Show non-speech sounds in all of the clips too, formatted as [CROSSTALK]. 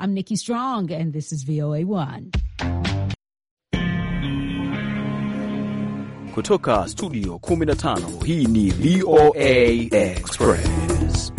I'm Nikki Strong, and this is VOA 1 kutoka studio 15. Hii ni VOA Express.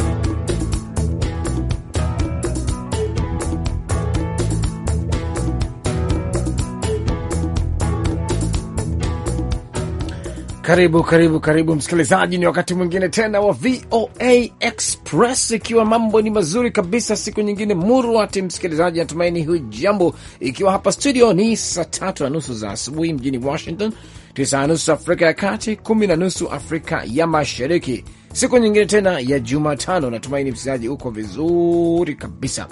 Karibu karibu karibu msikilizaji, ni wakati mwingine tena wa VOA Express, ikiwa mambo ni mazuri kabisa, siku nyingine murwati. Msikilizaji, natumaini jambo ikiwa hapa studio ni saa tatu na nusu za asubuhi mjini Washington, tisa na nusu Afrika ya Kati, kumi na nusu Afrika ya Mashariki. Siku nyingine tena ya Jumatano, natumaini msikilizaji uko vizuri kabisa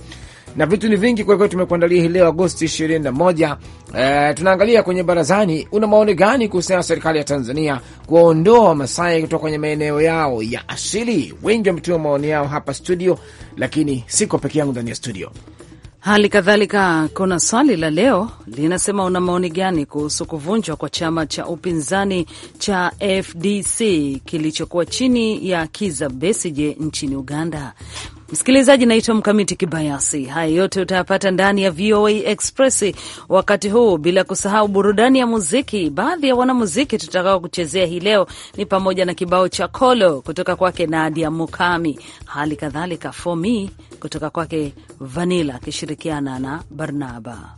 na vitu ni vingi kwelikweli tumekuandalia hii leo Agosti 21. Eh, tunaangalia kwenye barazani, una maoni gani kuhusiana na serikali ya Tanzania kuwaondoa Wamasai kutoka kwenye maeneo yao ya asili? Wengi wametuma maoni yao hapa studio, lakini siko peke yangu ndani ya studio. Hali kadhalika kuna swali la leo linasema, una maoni gani kuhusu kuvunjwa kwa chama cha upinzani cha FDC kilichokuwa chini ya Kiza Besije nchini Uganda? Msikilizaji, naitwa Mkamiti Kibayasi. Haya yote utayapata ndani ya VOA Express wakati huu, bila kusahau burudani ya muziki. Baadhi ya wanamuziki tutakao kuchezea hii leo ni pamoja na kibao cha Kolo kutoka kwake Nadia Mukami, hali kadhalika For Me kutoka kwake Vanila akishirikiana na Barnaba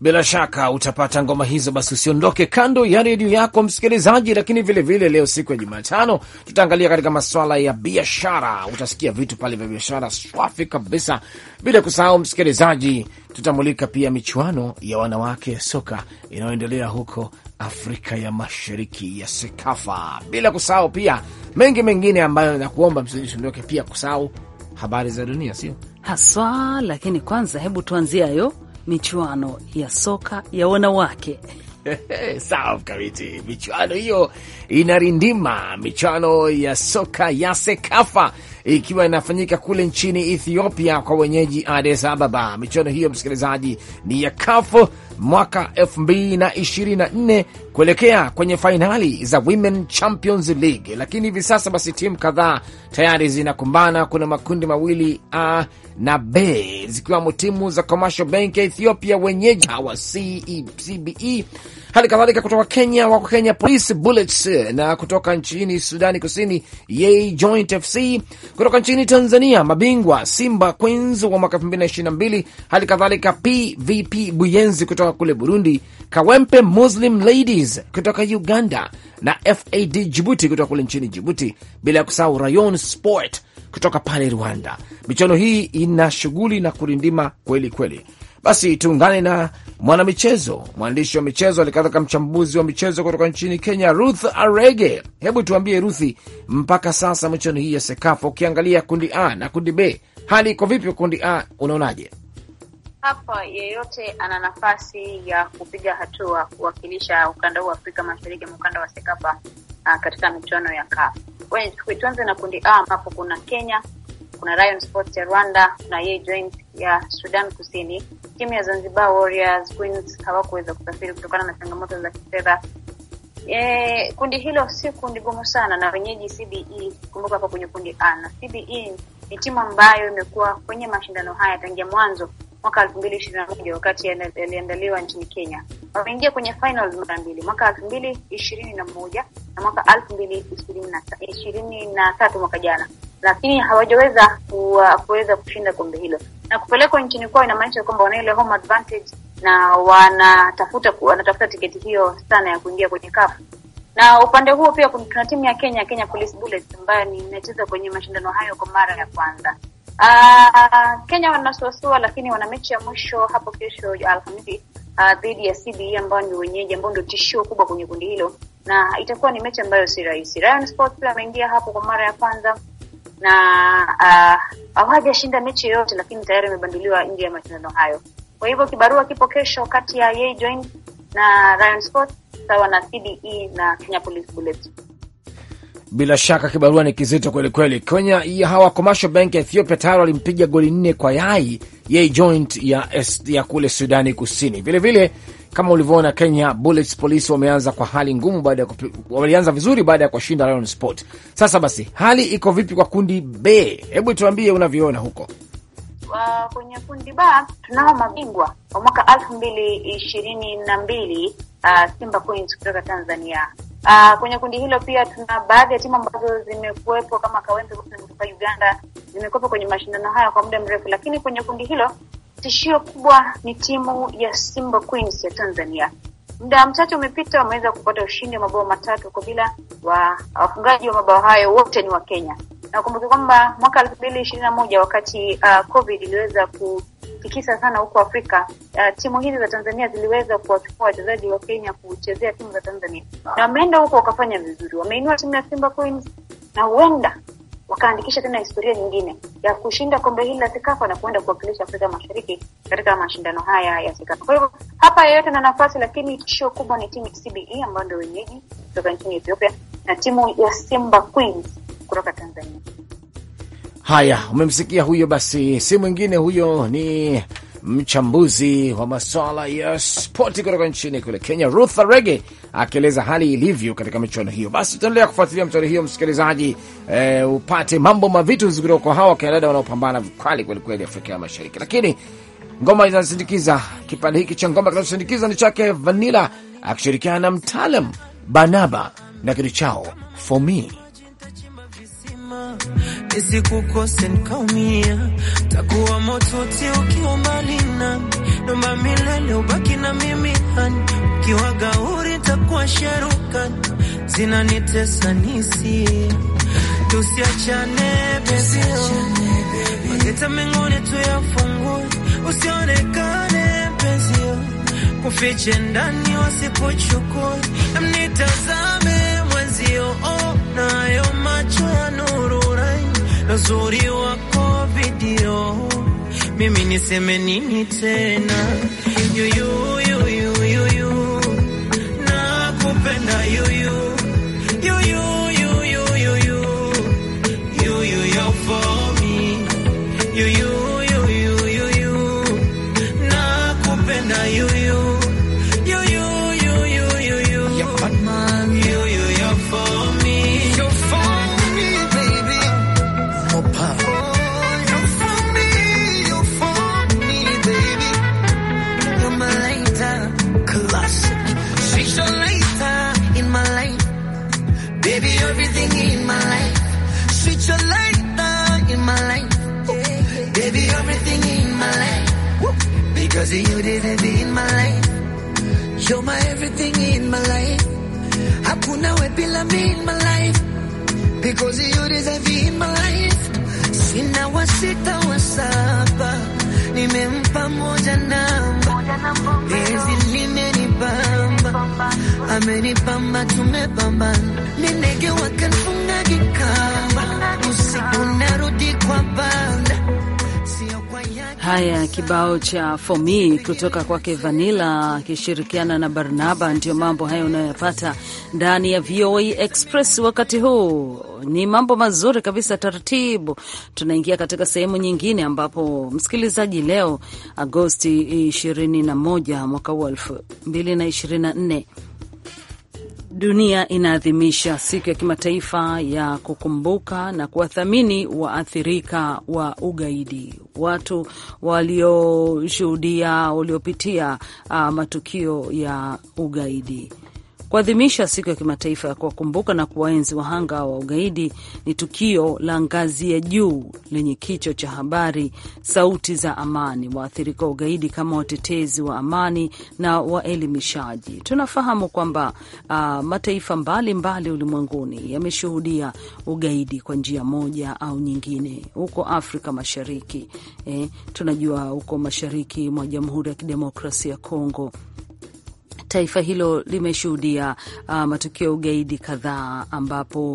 bila shaka utapata ngoma hizo. Basi usiondoke kando ya redio yako msikilizaji, lakini vilevile vile leo siku ya Jumatano tutaangalia katika maswala ya biashara. Utasikia vitu pale vya biashara swafi kabisa, bila kusahau msikilizaji, tutamulika pia michuano ya wanawake ya soka inayoendelea huko Afrika ya Mashariki ya SEKAFA, bila kusahau pia mengi mengine ambayo nakuomba msikilizaji usiondoke pia kusahau habari za dunia, sio haswa. Lakini kwanza hebu tuanzie hayo michuano ya soka ya wanawake. [LAUGHS] Sawa Mkamiti, michuano hiyo inarindima, michuano ya soka ya SEKAFA ikiwa inafanyika kule nchini Ethiopia kwa wenyeji Addis Ababa. Michuano hiyo msikilizaji, ni ya kafu mwaka 2024 kuelekea kwenye fainali za Women Champions League. Lakini hivi sasa basi timu kadhaa tayari zinakumbana. Kuna makundi mawili A na B, zikiwamo timu za Commercial Bank ya Ethiopia, wenyeji hawa CBE, e, hali kadhalika kutoka Kenya wako Kenya Police Bullets, na kutoka nchini Sudani Kusini Yei Joint FC, kutoka nchini Tanzania mabingwa Simba Queens wa mwaka 2022, hali kadhalika PVP Buyenzi kutoka kutoka kule Burundi, Kawempe Muslim Ladies kutoka Uganda na FAD Jibuti kutoka kule nchini Jibuti, bila ya kusahau Rayon Sport kutoka pale Rwanda. Michuano hii ina shughuli na kurindima kweli kweli. Basi tuungane na mwanamichezo, mwandishi wa michezo, alikadhaka mchambuzi wa michezo kutoka nchini Kenya, Ruth Arege. Hebu tuambie Ruthi, mpaka sasa michuano hii ya SEKAFA, ukiangalia kundi A na kundi B, hali iko vipi? Kundi A unaonaje? hapa yeyote ana nafasi ya kupiga hatua kuwakilisha ukanda wa Afrika Mashariki na ukanda wa SEKAFA ah, katika michuano ya CAF. Tuanze na kundi A ambapo kuna Kenya, kuna Rayon Sports ya Rwanda na Yei ya Sudan Kusini. Timu ya Zanzibar Warriors Queens hawakuweza kusafiri kutokana na changamoto za kifedha. E, kundi hilo si kundi gumu sana, na wenyeji CBE. Kumbuka hapa kwenye kundi A na CBE ni timu ambayo imekuwa kwenye mashindano haya tangia mwanzo mwaka elfu mbili ishirini na moja wakati yaliandaliwa nchini Kenya. Wameingia kwenye final mara mbili mwaka elfu mbili ishirini na moja na mwaka elfu mbili ishirini na tatu mwaka jana, lakini hawajaweza uh, kuweza kushinda kombe hilo, na kupelekwa nchini kwao inamaanisha kwamba wana ile home advantage na wanatafuta wanatafuta tiketi hiyo sana ya kuingia kwenye kafu na upande huo pia kuna timu ya Kenya, Kenya Police Bullets ambayo inacheza kwenye mashindano hayo kwa mara ya kwanza. Uh, Kenya wanasuasua lakini wana mechi ya mwisho hapo kesho Alhamisi uh, dhidi ya CBE ambao ni wenyeji ambao ndio tishio kubwa kwenye kundi hilo, na itakuwa ni mechi ambayo si rahisi. Ryan Sports pia ameingia hapo kwa mara ya kwanza na uh, mechi yoyote, lakini tayari imebanduliwa nje ya mashindano hayo. Kwa hivyo kibarua kipo kesho kati ya Yei Join na Ryan Sports sawa na CBE na Kenya Police Bullets. Bila shaka kibarua ni kizito kweli. Kenya ya hawa Commercial Bank ya Ethiopia tayari walimpiga goli nne kwa yai yei joint ya, ya kule Sudani Kusini. Vilevile kama ulivyoona Kenya Bullets Police wameanza kwa hali ngumu baada ya walianza vizuri baada ya kuwashinda Lion Sport. Sasa basi, hali iko vipi kwa kundi B? Hebu tuambie unavyoona huko. Uh, kwenye kundi ba tunao mabingwa wa mwaka elfu mbili ishirini na mbili uh, Simba Queens kutoka Tanzania Uh, kwenye kundi hilo pia tuna baadhi ya timu ambazo zimekuwepo kama Kawempe kutoka Uganda zimekuwepo kwenye mashindano haya kwa muda mrefu, lakini kwenye kundi hilo tishio kubwa ni timu ya Simba Queens ya Tanzania. Muda mchache umepita, wameweza kupata ushindi wa mabao matatu kwa bila. Wa wafungaji wa mabao hayo wote ni wa Kenya. Nakumbuka kwamba mwaka elfu mbili ishirini na moja wakati uh, COVID iliweza ku kuitikisa sana huko Afrika. Uh, timu hizi za Tanzania ziliweza kuwachukua wachezaji wa Kenya kuchezea timu za Tanzania na wameenda huko wakafanya vizuri, wameinua timu ya Simba Queens na huenda wakaandikisha tena historia nyingine ya kushinda kombe hili la Sekafa na kuenda kuwakilisha Afrika Mashariki katika mashindano haya ya Sekafa. Kwa hivyo hapa yeyote na nafasi, lakini tishio kubwa ni timu CBE ambayo ndio wenyeji kutoka nchini Ethiopia na timu ya Simba Queens kutoka Tanzania. Haya, umemsikia huyo. Basi si mwingine huyo, ni mchambuzi wa maswala ya spoti kutoka nchini kule Kenya, Ruth Arege akieleza hali ilivyo katika michuano hiyo. Basi tutaendelea kufuatilia michuano hiyo, msikilizaji e, upate mambo mavitu kutoka kwa hawa wakinadada wanaopambana vikali kwelikweli Afrika ya Mashariki. Lakini ngoma inasindikiza kipande hiki cha ngoma kinachosindikiza ni chake Vanila akishirikiana na mtaalam Banaba na kitu chao for me nisikukose nikaumia, takuwa motuti ukiwa mbali nami, nomba milele ubaki na mimi hani, ukiwa gauri takuwa zina zinanitesa nisi tusiachane bezi, mageta mengine tuyafungue, usionekane bezi, kufiche ndani wasikuchukue, mnitazame mwenzio, oh, nayo macho ya nuru na uzuri wako video, mimi niseme nini tena? Yuyu, yuyu, yuyu, nakupenda yuyu yuyu, yuyu, yuyu, for me yuyu bila me in my life because you deserve in my life. Sina wasita wasaba, nimempa moja namba, ezi limenibamba, amenibamba, tumepambana, ni ndege wakamfunga usiku narudi kwa banda Haya, kibao cha for me kutoka kwake Vanilla akishirikiana na Barnaba. ndio mambo hayo unayoyapata ndani ya VOA Express wakati huu. Ni mambo mazuri kabisa. Taratibu tunaingia katika sehemu nyingine, ambapo msikilizaji, leo Agosti 21 mwaka huu 2024 Dunia inaadhimisha siku ya kimataifa ya kukumbuka na kuwathamini waathirika wa ugaidi, watu walioshuhudia, waliopitia uh, matukio ya ugaidi. Kuadhimisha siku ya kimataifa ya kuwakumbuka na kuwaenzi wahanga wa ugaidi ni tukio la ngazi ya juu lenye kichwa cha habari sauti za amani, waathirika wa ugaidi kama watetezi wa amani na waelimishaji. Tunafahamu kwamba uh, mataifa mbalimbali ulimwenguni yameshuhudia ugaidi kwa njia moja au nyingine. Huko Afrika Mashariki eh, tunajua huko mashariki mwa Jamhuri ya Kidemokrasia ya Kongo taifa hilo limeshuhudia uh, matukio ya ugaidi kadhaa ambapo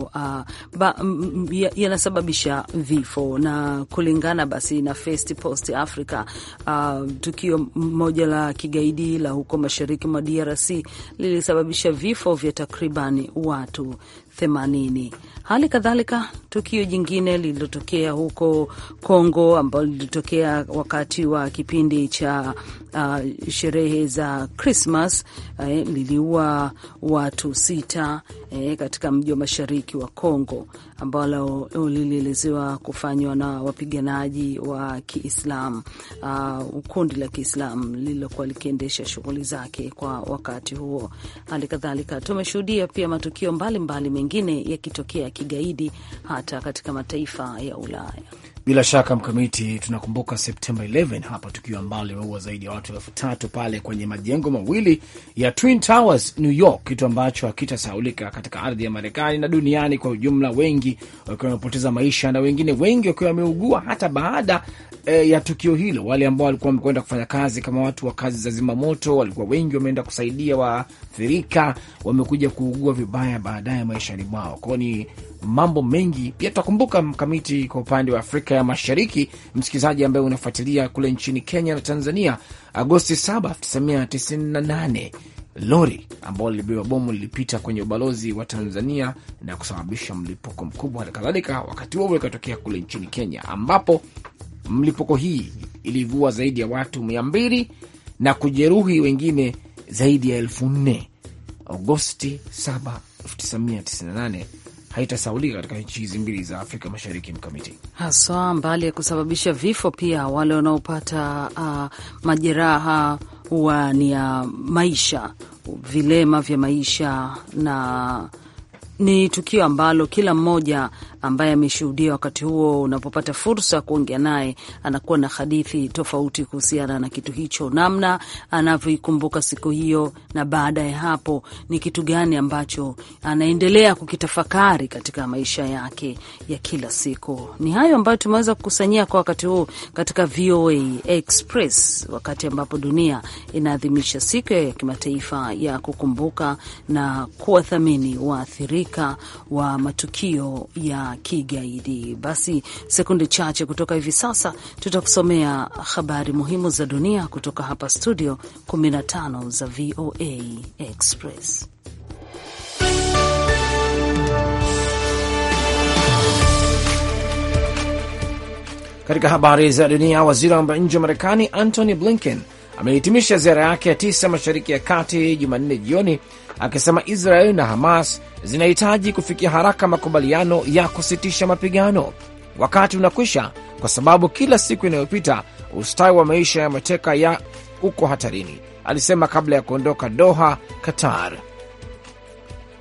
uh, yanasababisha vifo, na kulingana basi na First Post Africa uh, tukio moja la kigaidi la huko mashariki mwa DRC lilisababisha vifo vya takriban watu 80. Hali kadhalika tukio jingine lililotokea huko Kongo ambalo lilitokea wakati wa kipindi cha uh, sherehe za Krismas eh, liliua watu sita eh, katika mji wa mashariki wa Kongo ambalo lilielezewa kufanywa na wapiganaji wa kiislam uh, kundi la kiislam lililokuwa likiendesha shughuli zake kwa wakati huo. Hali kadhalika tumeshuhudia pia matukio mbalimbali mengine yakitokea kigaidi hata katika mataifa ya Ulaya. Bila shaka Mkamiti, tunakumbuka Septemba 11 hapa tukio ambalo limeua zaidi ya watu elfu tatu pale kwenye majengo mawili ya Twin Towers New York, kitu ambacho hakitasaulika katika ardhi ya Marekani na duniani kwa ujumla, wengi wakiwa wamepoteza maisha na wengine wengi wakiwa wameugua hata baada e, ya tukio hilo. Wale ambao walikuwa wamekwenda kufanya kazi kama watu wa kazi za zimamoto walikuwa wengi wameenda kusaidia waathirika, wamekuja kuugua vibaya baadaye maishani mwao kwao ni mambo mengi pia tutakumbuka mkamiti kwa upande wa Afrika ya Mashariki, msikilizaji ambaye unafuatilia kule nchini Kenya na Tanzania. Agosti 7, 1998 lori ambalo lilibeba bomu lilipita kwenye ubalozi wa Tanzania na kusababisha mlipuko mkubwa. Hali kadhalika, wakati huo ikatokea kule nchini Kenya, ambapo mlipuko hii ilivua zaidi ya watu mia mbili na kujeruhi wengine zaidi ya elfu nne Agosti 7, 1998 haitasaulika katika nchi hizi mbili za Afrika Mashariki mkamiti haswa, mbali ya kusababisha vifo, pia wale wanaopata uh, majeraha huwa ni ya maisha, vilema vya maisha na ni tukio ambalo kila mmoja ambaye ameshuhudia wakati huo, unapopata fursa ya kuongea naye, anakuwa na hadithi tofauti kuhusiana na kitu hicho, namna anavyoikumbuka siku hiyo, na baada ya hapo ni kitu gani ambacho anaendelea kukitafakari katika maisha yake ya kila siku. Ni hayo ambayo tumeweza kukusanyia kwa wakati huu katika VOA Express, wakati ambapo dunia inaadhimisha siku ya kimataifa ya kukumbuka na kuwathamini waathirika waathirika wa matukio ya kigaidi. Basi sekunde chache kutoka hivi sasa tutakusomea habari muhimu za dunia kutoka hapa studio 15 za VOA Express. Katika habari za dunia, waziri wa mambo ya nje wa Marekani Antony Blinken amehitimisha ziara yake ya tisa mashariki ya kati Jumanne jioni akisema Israel na Hamas zinahitaji kufikia haraka makubaliano ya kusitisha mapigano. Wakati unakwisha kwa sababu kila siku inayopita ustawi wa maisha ya mateka ya uko hatarini, alisema kabla ya kuondoka Doha, Qatar.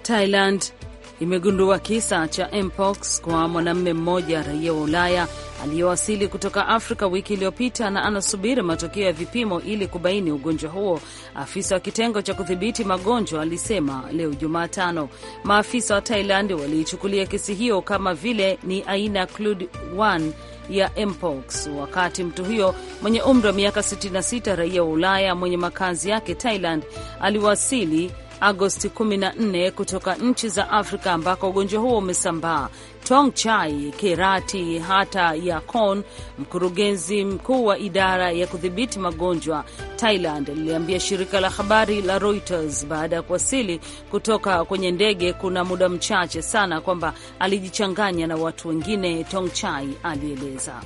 Thailand imegundua kisa cha mpox kwa mwanamume mmoja raia wa Ulaya aliyewasili kutoka Afrika wiki iliyopita na anasubiri matokeo ya vipimo ili kubaini ugonjwa huo, afisa wa kitengo cha kudhibiti magonjwa alisema leo Jumatano. Maafisa wa Thailand waliichukulia kesi hiyo kama vile ni aina ya clade 1 ya mpox, wakati mtu huyo mwenye umri wa miaka 66 raia wa Ulaya mwenye makazi yake Thailand aliwasili Agosti 14 kutoka nchi za Afrika ambako ugonjwa huo umesambaa. Tong Chai Kerati Hata Yakon, mkurugenzi mkuu wa idara ya kudhibiti magonjwa Thailand, liliambia shirika la habari la Reuters baada ya kuwasili kutoka kwenye ndege kuna muda mchache sana kwamba alijichanganya na watu wengine. Tong Chai alieleza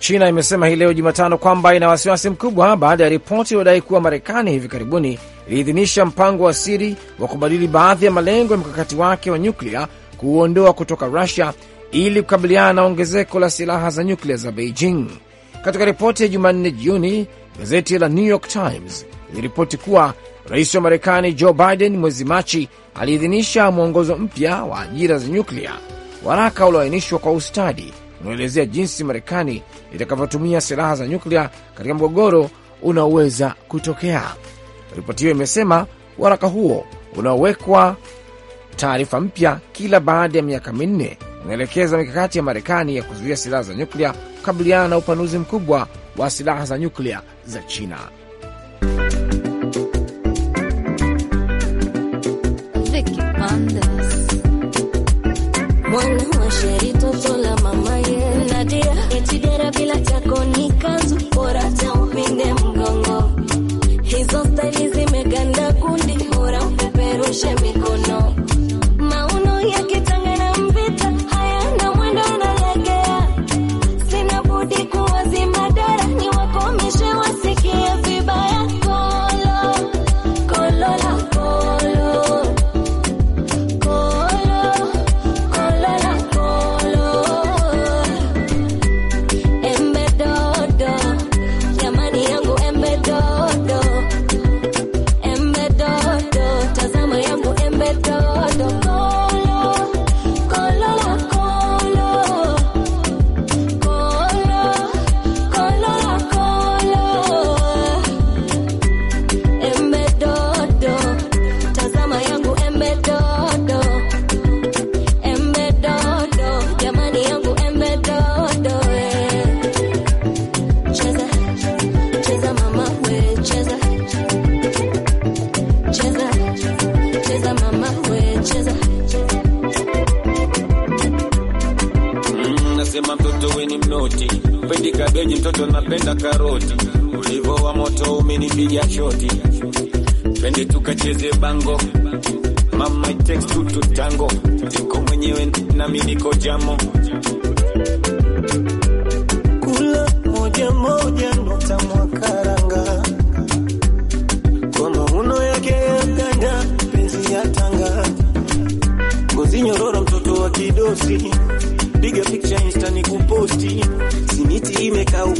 China imesema hii leo Jumatano kwamba ina wasiwasi mkubwa baada ya ripoti iliyodai kuwa Marekani hivi karibuni iliidhinisha mpango wa siri wa kubadili baadhi ya malengo ya mkakati wake wa nyuklia kuuondoa kutoka Rusia ili kukabiliana na ongezeko la silaha za nyuklia za Beijing. Katika ripoti ya Jumanne jioni, gazeti la New York Times iliripoti kuwa rais wa Marekani Joe Biden mwezi Machi aliidhinisha mwongozo mpya wa ajira za nyuklia, waraka ulioainishwa kwa ustadi unaoelezea jinsi Marekani itakavyotumia silaha za nyuklia katika mgogoro unaoweza kutokea. Ripoti hiyo imesema waraka huo unaowekwa taarifa mpya kila baada ya miaka minne unaelekeza mikakati ya Marekani ya kuzuia silaha za nyuklia kukabiliana na upanuzi mkubwa wa silaha za nyuklia za China.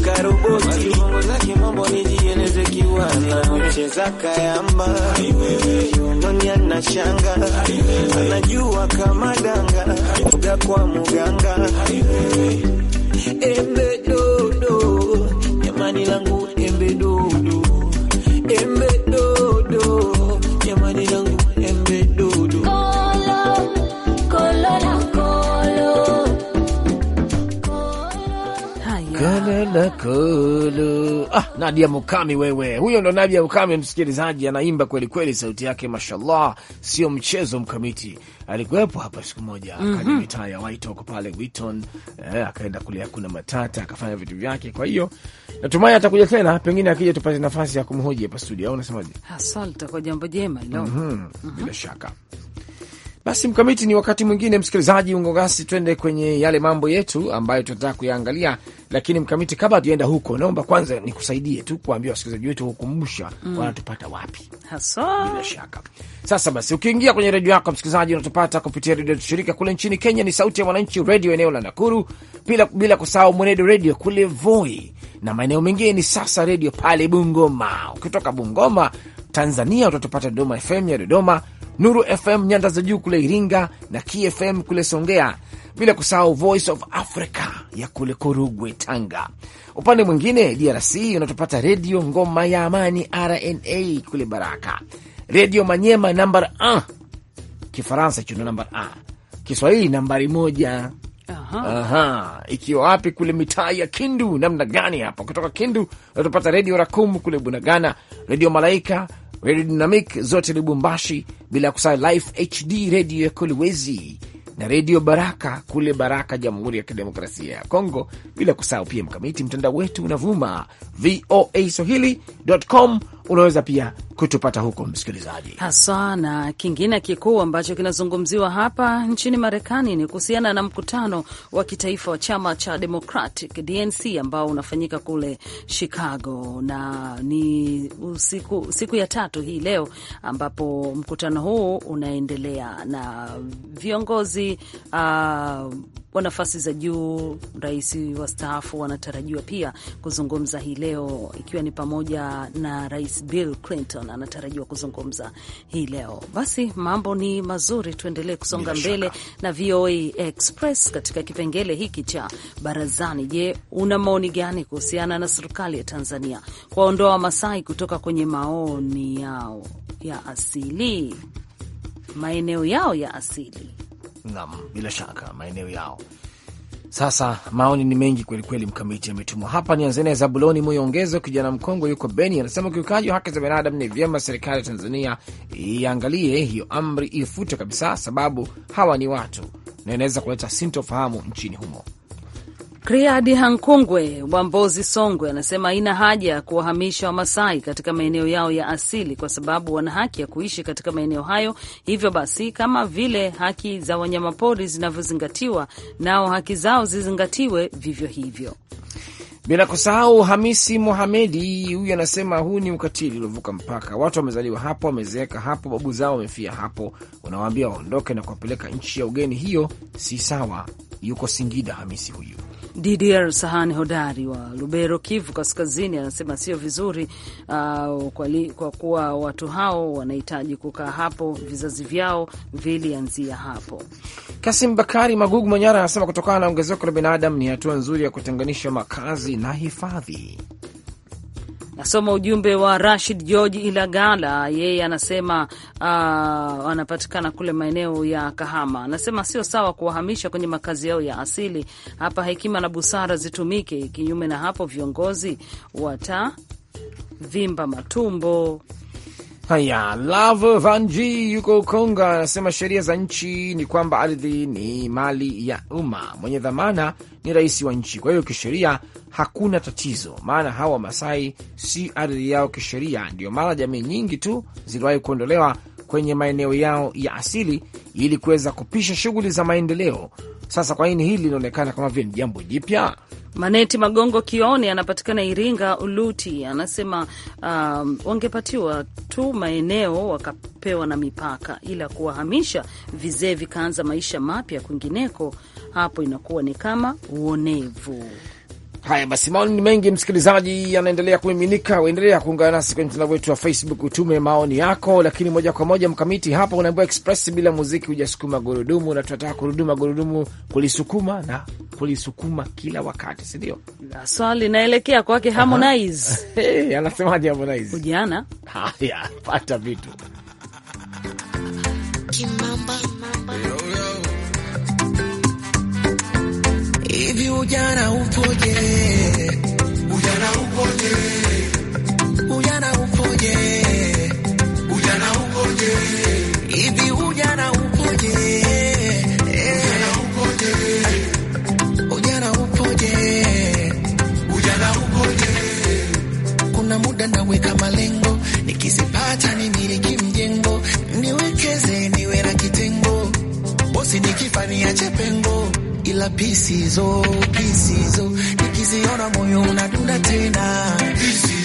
kuruka roboti bongo za kimombo nijieleze kiwana ucheza kayamba kiunoni anashanga anajua kama danga uga kwa muganga embedodo jamani langu Nadia Mukami wewe, huyo ndo Nadia Mukami msikilizaji, anaimba kweli kweli, sauti yake mashallah, sio mchezo. Mkamiti alikuwepo hapa siku moja mm -hmm. Akaja mitaa ya Waitok pale Witon eh, akaenda kule kuna matata, akafanya vitu vyake. Kwa hiyo natumai atakuja tena, pengine akija tupate nafasi ya kumhoji hapa studio, au unasemaje? Asante kwa jambo jema leo mm -hmm. mm -hmm. bila shaka basi Mkamiti, ni wakati mwingine msikilizaji, ungogasi, twende kwenye yale mambo yetu ambayo tunataka kuyaangalia lakini mkamiti, kabla hatujaenda huko, naomba kwanza nikusaidie tu kuambia wasikilizaji wetu kukumbusha mm. wanatupata wapi hasa. Bila shaka sasa basi, ukiingia kwenye redio yako msikilizaji, unatupata kupitia redio shirika kule nchini Kenya ni Sauti ya Mwananchi redio eneo la Nakuru, bila, bila kusahau Mwenedo redio kule Voi na maeneo mengine ni sasa redio pale Bungoma. Ukitoka Bungoma Tanzania utatupata Dodoma FM ya Dodoma, Nuru FM nyanda za juu kule Iringa na KFM kule Songea, bila kusahau Voice of Africa ya kule Korogwe, Tanga. Upande mwingine DRC unatopata Redio Ngoma ya Amani RNA kule Baraka, Redio Manyema nambar a Kifaransa chuno nambar a Kiswahili nambari moja. Aha. Aha. Ikiwa wapi kule mitaa ya Kindu namna gani hapa? Kutoka Kindu unatopata Redio Rakumu kule Bunagana, Redio Malaika, Redio Dynamic zote Lubumbashi, bila kusahau Life HD redio ya Kolwezi na redio Baraka kule Baraka, Jamhuri ya Kidemokrasia ya Kongo, bila kusahau pia mkamiti mtandao wetu unavuma voa swahili.com unaweza pia kutupata huko, msikilizaji, haswa. Na kingine kikuu ambacho kinazungumziwa hapa nchini Marekani ni kuhusiana na mkutano wa kitaifa wa chama cha Democratic DNC ambao unafanyika kule Chicago, na ni usiku, siku ya tatu hii leo, ambapo mkutano huu unaendelea na viongozi uh, wa nafasi za juu, rais wa staafu wanatarajiwa pia kuzungumza hii leo, ikiwa ni pamoja na rais Bill Clinton anatarajiwa kuzungumza hii leo. Basi mambo ni mazuri, tuendelee kusonga mbele na VOA Express katika kipengele hiki cha barazani. Je, una maoni gani kuhusiana na serikali ya Tanzania kuwaondoa Wamasai kutoka kwenye maoni yao ya asili, maeneo yao ya asili? Naam, bila shaka maeneo yao. Sasa maoni ni mengi kwelikweli, mkamiti ametumwa hapa. Nianze naye Zabuloni Moyongezo, kijana mkongwe, yuko Beni, anasema ukiukaji wa haki za binadamu ni vyema serikali ya Tanzania iangalie hiyo amri ifute kabisa, sababu hawa ni watu na inaweza kuleta sintofahamu nchini humo. Kriadi Hankungwe wa Mbozi, Songwe, anasema haina haja ya kuwahamisha Wamasai katika maeneo yao ya asili kwa sababu wana haki ya kuishi katika maeneo hayo. Hivyo basi, kama vile haki za wanyamapori zinavyozingatiwa, nao haki zao zizingatiwe vivyo hivyo. Bila kusahau Hamisi Mohamedi, huyu anasema huu ni ukatili uliovuka mpaka. Watu wamezaliwa hapo, wamezeeka hapo, babu zao wamefia hapo, unawaambia waondoke na kuwapeleka nchi ya ugeni, hiyo si sawa. Yuko Singida Hamisi huyu. DDR Sahani Hodari wa Lubero, Kivu Kaskazini, anasema sio vizuri uh, kwa, li, kwa kuwa watu hao wanahitaji kukaa hapo, vizazi vyao vilianzia hapo. Kasim Bakari Magugu Manyara anasema kutokana na ongezeko la binadamu ni hatua nzuri ya kutenganisha makazi na hifadhi. Nasoma ujumbe wa Rashid George Ilagala, yeye anasema uh, anapatikana kule maeneo ya Kahama. Anasema sio sawa kuwahamisha kwenye makazi yao ya asili. Hapa hekima na busara zitumike, kinyume na hapo viongozi watavimba matumbo. Haya, Love Vanji yuko ukonga anasema sheria za nchi ni kwamba ardhi ni mali ya umma, mwenye dhamana ni rais wa nchi. Kwa hiyo kisheria hakuna tatizo, maana hawa Wamasai si ardhi yao kisheria. ndio maana jamii nyingi tu ziliwahi kuondolewa kwenye maeneo yao ya asili ili kuweza kupisha shughuli za maendeleo. Sasa kwa nini hili linaonekana kama vile ni jambo jipya? Maneti Magongo Kioni anapatikana Iringa Uluti, anasema um, wangepatiwa tu maeneo wakapewa na mipaka, ila kuwahamisha vizee vikaanza maisha mapya kwingineko, hapo inakuwa ni kama uonevu. Haya basi, maoni ni mengi msikilizaji, yanaendelea kumiminika. Uendelea kuungana nasi kwenye mtandao wetu wa Facebook, utume maoni yako. Lakini moja kwa moja, Mkamiti hapa unaambiwa express bila muziki hujasukuma gurudumu, na tunataka kuruduma gurudumu, kulisukuma na kulisukuma kila wakati, si ndio? Swali linaelekea kwake Harmonize. [LAUGHS] Hey, anasemaje Harmonize? Ujana haya, pata vitu kimamba, kimamba. Hivi ujana upoje? Ujana upoje? Ujana upoje? Ujana upoje? Hivi ujana upoje? Ujana upoje? Ujana upoje? Kuna muda naweka ila pisizo oh, pisizo, oh. nikiziona moyo unadunda tena pisizo.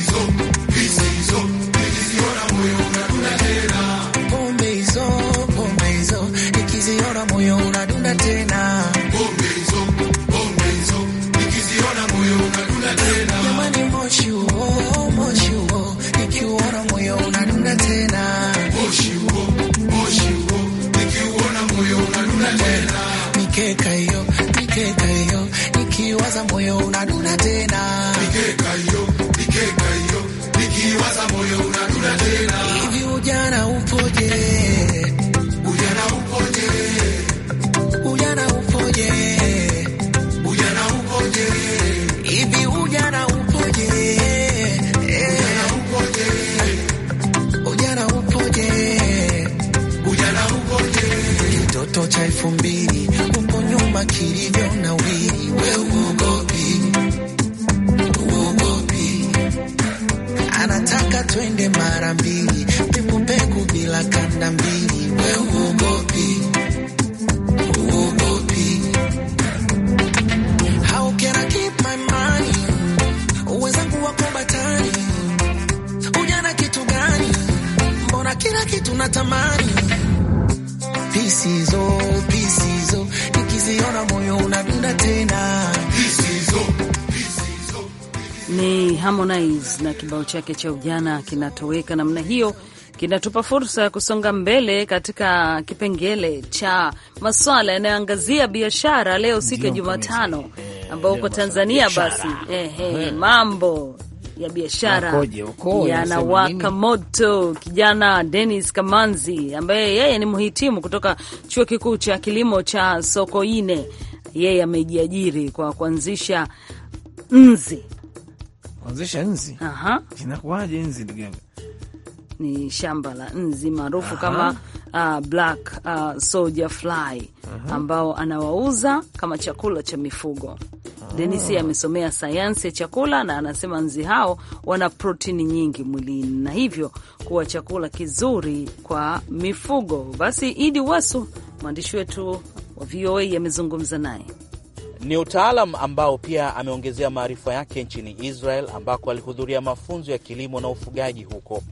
Harmonize na kibao chake cha ujana kinatoweka namna hiyo, kinatupa fursa ya kusonga mbele katika kipengele cha maswala yanayoangazia biashara. Leo siku ya Jumatano eh, ambao huko Tanzania basi ehe, eh. mambo ya biashara yanawaka moto. Kijana Dennis Kamanzi ambaye yeye ni mhitimu kutoka chuo kikuu cha kilimo cha Sokoine, yeye amejiajiri kwa kuanzisha nzi kuanzisha nzi. Aha, inakuwaje nzi ndugu Ni shamba la nzi maarufu kama uh, black uh, soldier fly Aha. ambao anawauza kama chakula cha mifugo. Ah. Denis amesomea sayansi ya chakula na anasema nzi hao wana protini nyingi mwilini na hivyo kuwa chakula kizuri kwa mifugo. Basi Idi Wasu, mwandishi wetu wa VOA, amezungumza naye. Ni utaalam ambao pia ameongezea maarifa yake nchini Israel ambako alihudhuria mafunzo ya kilimo na ufugaji huko.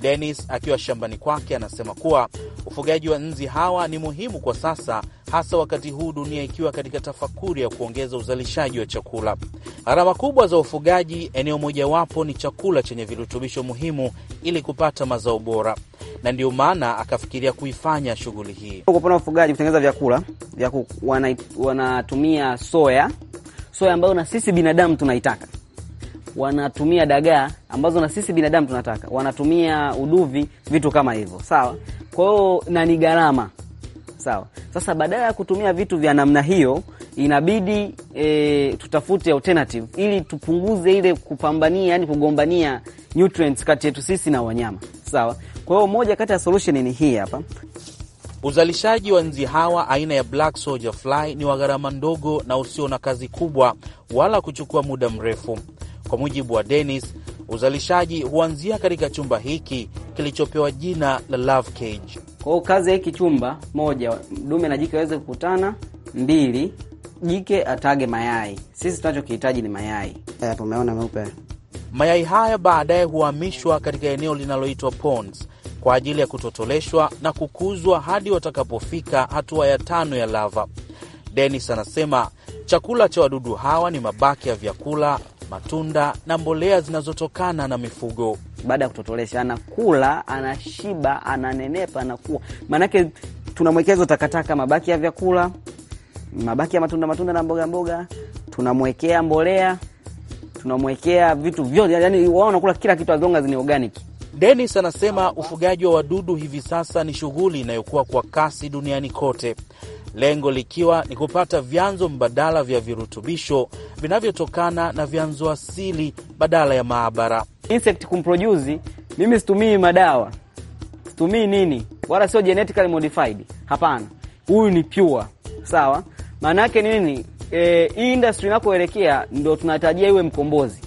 Denis akiwa shambani kwake anasema kuwa Ufugaji wa nzi hawa ni muhimu kwa sasa, hasa wakati huu dunia ikiwa katika tafakuri ya kuongeza uzalishaji wa chakula. Gharama kubwa za ufugaji, eneo mojawapo ni chakula chenye virutubisho muhimu ili kupata mazao bora, na ndio maana akafikiria kuifanya shughuli hii. Kwa upande wa ufugaji, kutengeneza vyakula vya kuku wanatumia soya, soya ambayo na sisi binadamu tunaitaka wanatumia dagaa ambazo na sisi binadamu tunataka, wanatumia uduvi, vitu kama hivyo, sawa. Kwa hiyo na ni gharama, sawa. Sasa badala ya kutumia vitu vya namna hiyo inabidi e, tutafute alternative ili tupunguze ile kupambania, yani kugombania nutrients kati yetu sisi na wanyama, sawa. Kwa hiyo moja kati ya solution ni hii hapa. Uzalishaji wa nzi hawa aina ya black soldier fly ni wa gharama ndogo na usio na kazi kubwa wala kuchukua muda mrefu. Kwa mujibu wa denis uzalishaji huanzia katika chumba hiki kilichopewa jina la love cage. Kwa hiyo kazi ya hiki chumba, moja, dume na jike waweze kukutana; mbili, jike atage mayai. Sisi tunachokihitaji ni mayai. Eh, hapo umeona meupe. Mayai haya baadaye huhamishwa katika eneo linaloitwa pons kwa ajili ya kutotoleshwa na kukuzwa hadi watakapofika hatua ya tano ya lava. denis anasema chakula cha wadudu hawa ni mabaki ya vyakula matunda na mbolea zinazotokana na mifugo. Baada ya kutotolesha, anakula, anashiba, ananenepa, anakuwa. Maanake tunamwekeza takataka, mabaki ya vyakula, mabaki ya matunda, matunda na mboga mboga, tunamwekea mbolea, tunamwekea vitu vyote, yani wao wanakula kila kitu, as zini organic. Dennis anasema ufugaji wa wadudu hivi sasa ni shughuli inayokuwa kwa kasi duniani kote lengo likiwa ni kupata vyanzo mbadala vya virutubisho vinavyotokana na vyanzo asili badala ya maabara. Insect kumproduce, mimi situmii madawa, situmii nini, wala sio genetically modified. Hapana, huyu ni pure, sawa. Maana yake nini? E, hii industry inakoelekea ndo tunatarajia iwe mkombozi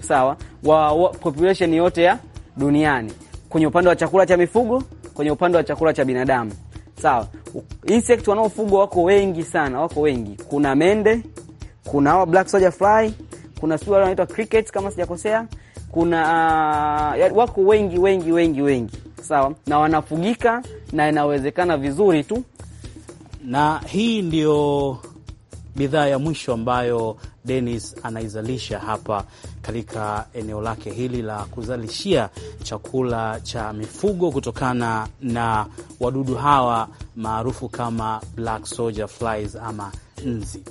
sawa wa, wa population yote ya duniani kwenye upande wa chakula cha mifugo, kwenye upande wa chakula cha binadamu sawa. Insect wanaofugwa wako wengi sana, wako wengi. Kuna mende, kuna hawa black soldier fly, kuna sio wale wanaitwa cricket kama sijakosea, kuna uh, wako wengi wengi wengi wengi, sawa, na wanafugika na inawezekana vizuri tu, na hii ndio bidhaa ya mwisho ambayo Dennis anaizalisha hapa katika eneo lake hili la kuzalishia chakula cha mifugo kutokana na wadudu hawa maarufu kama black soldier flies ama nzi.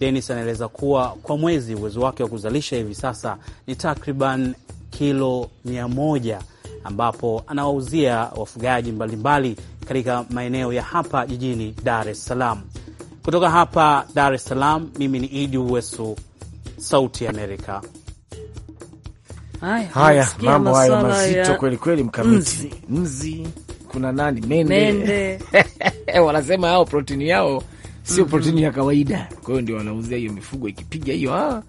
Denis anaeleza kuwa kwa mwezi uwezo wake wa kuzalisha hivi sasa ni takriban kilo mia moja ambapo anawauzia wafugaji mbalimbali katika maeneo ya hapa jijini Dar es Salaam. Kutoka hapa Dar es Salaam, mimi ni Idi Uwesu, Sauti ya Amerika. Haya, mambo hayo mazito kweli kweli, mkamiti mzi, kuna nani mende, mende. [LAUGHS] wanasema hao protini yao sio mhm. protini ya kawaida, kwa hiyo ndio wanauzia hiyo mifugo ikipiga hiyo ah.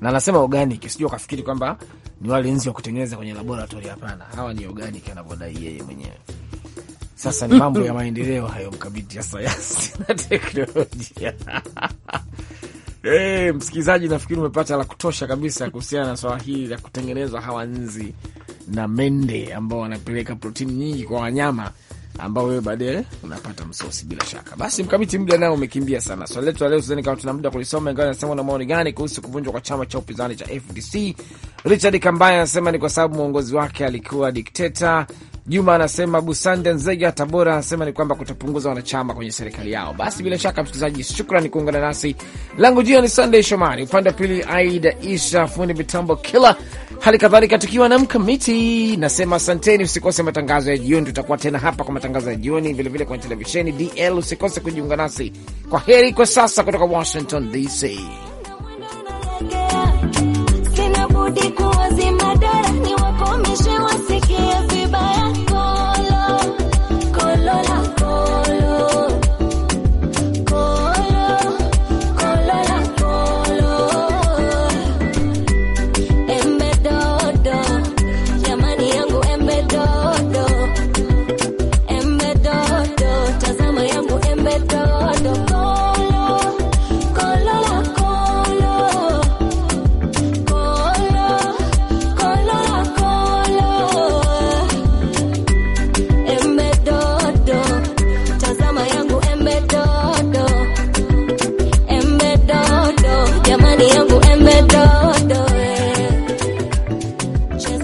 na anasema organic, sijua kafikiri kwamba ni nzi wa kutengeneza kwenye laboratori. Hapana, hawa ni organic anavyodai yeye mwenyewe. Sasa ni mambo ya [LAUGHS] maendeleo hayo, mkabiti ya sayansi na teknolojia [LAUGHS] Hey, eh, msikilizaji, nafikiri umepata la kutosha kabisa kuhusiana na swala hili la kutengenezwa hawa nzi na mende ambao wanapeleka protini nyingi kwa wanyama ambao wewe baadaye unapata msosi bila shaka. Basi mkamiti, muda nao umekimbia sana. Swali letu leo sizani kama tuna muda kulisoma, ingawa nasema na maoni gani kuhusu kuvunjwa kwa chama cha upinzani cha FDC. Richard Kambaya anasema ni kwa sababu mwongozi wake alikuwa dikteta Juma anasema Busande Nzega Tabora anasema ni kwamba kutapunguza wanachama kwenye serikali yao. Basi bila shaka, msikilizaji, shukrani kuungana nasi. Langu jina ni Sunday Shomari, upande wa pili Aida Isha, fundi mitambo kila hali kadhalika, tukiwa na mkamiti nasema asanteni. Usikose matangazo ya jioni, tutakuwa tena hapa kwa matangazo ya jioni vilevile kwenye televisheni DL. Usikose kujiunga nasi. Kwa heri kwa sasa kutoka Washington DC.